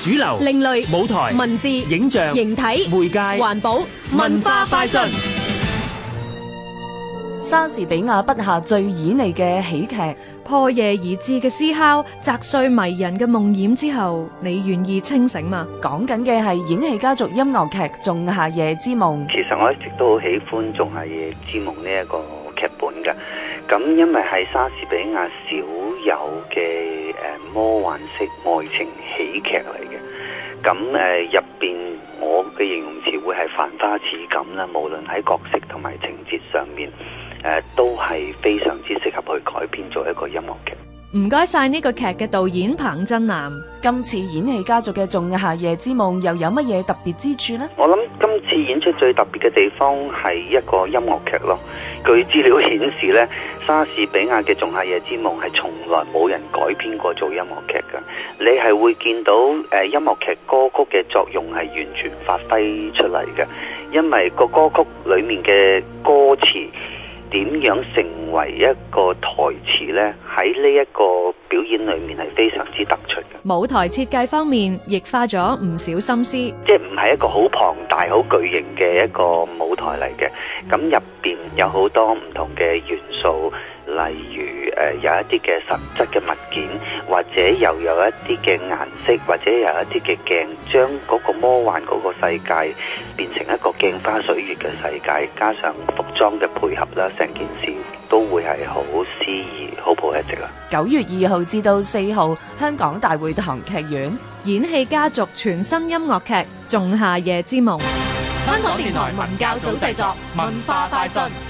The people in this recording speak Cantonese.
主流、另類、舞台、文字、影像、形體、媒介、環保、文化快訊。莎士比亞筆下最旖旎嘅喜劇，破夜而至嘅思考，砸碎迷人嘅夢魘之後，你願意清醒嗎？講緊嘅係演戲家族音樂劇《仲夏夜之夢》。其實我一直都好喜歡仲夏夜之夢呢一個劇本嘅，咁因為係莎士比亞小。有嘅誒，魔幻式愛情喜劇嚟嘅，咁誒入邊我嘅形容詞會係繁花似錦啦，無論喺角色同埋情節上面，誒、呃、都係非常之適合去改編做一個音樂劇。唔該晒呢個劇嘅導演彭鎮南，今次演戲家族嘅《仲夏夜之夢》又有乜嘢特別之處咧？我諗今次演出最特別嘅地方係一個音樂劇咯，據資料顯示咧。莎士比亞嘅《仲夏夜之夢》係從來冇人改編過做音樂劇㗎，你係會見到誒、呃，音樂劇歌曲嘅作用係完全發揮出嚟嘅，因為個歌曲裏面嘅歌詞，點樣成為一個台詞呢？喺呢一個表演裏面係非常之突出嘅。舞台設計方面，亦花咗唔少心思。即係唔係一個好龐大、好巨型嘅一個舞台嚟嘅。咁入邊有好多唔同嘅元素，例如誒有一啲嘅實質嘅物件，或者又有一啲嘅顏色，或者有一啲嘅鏡，將嗰個魔幻嗰個世界。變成一個鏡花水月嘅世界，加上服裝嘅配合啦，成件事都會係好詩意、好 perfect 啦。九月二號至到四號，香港大會堂劇院演戲家族全新音樂劇《仲夏夜之夢》。香港電台文教組製作，文化快訊。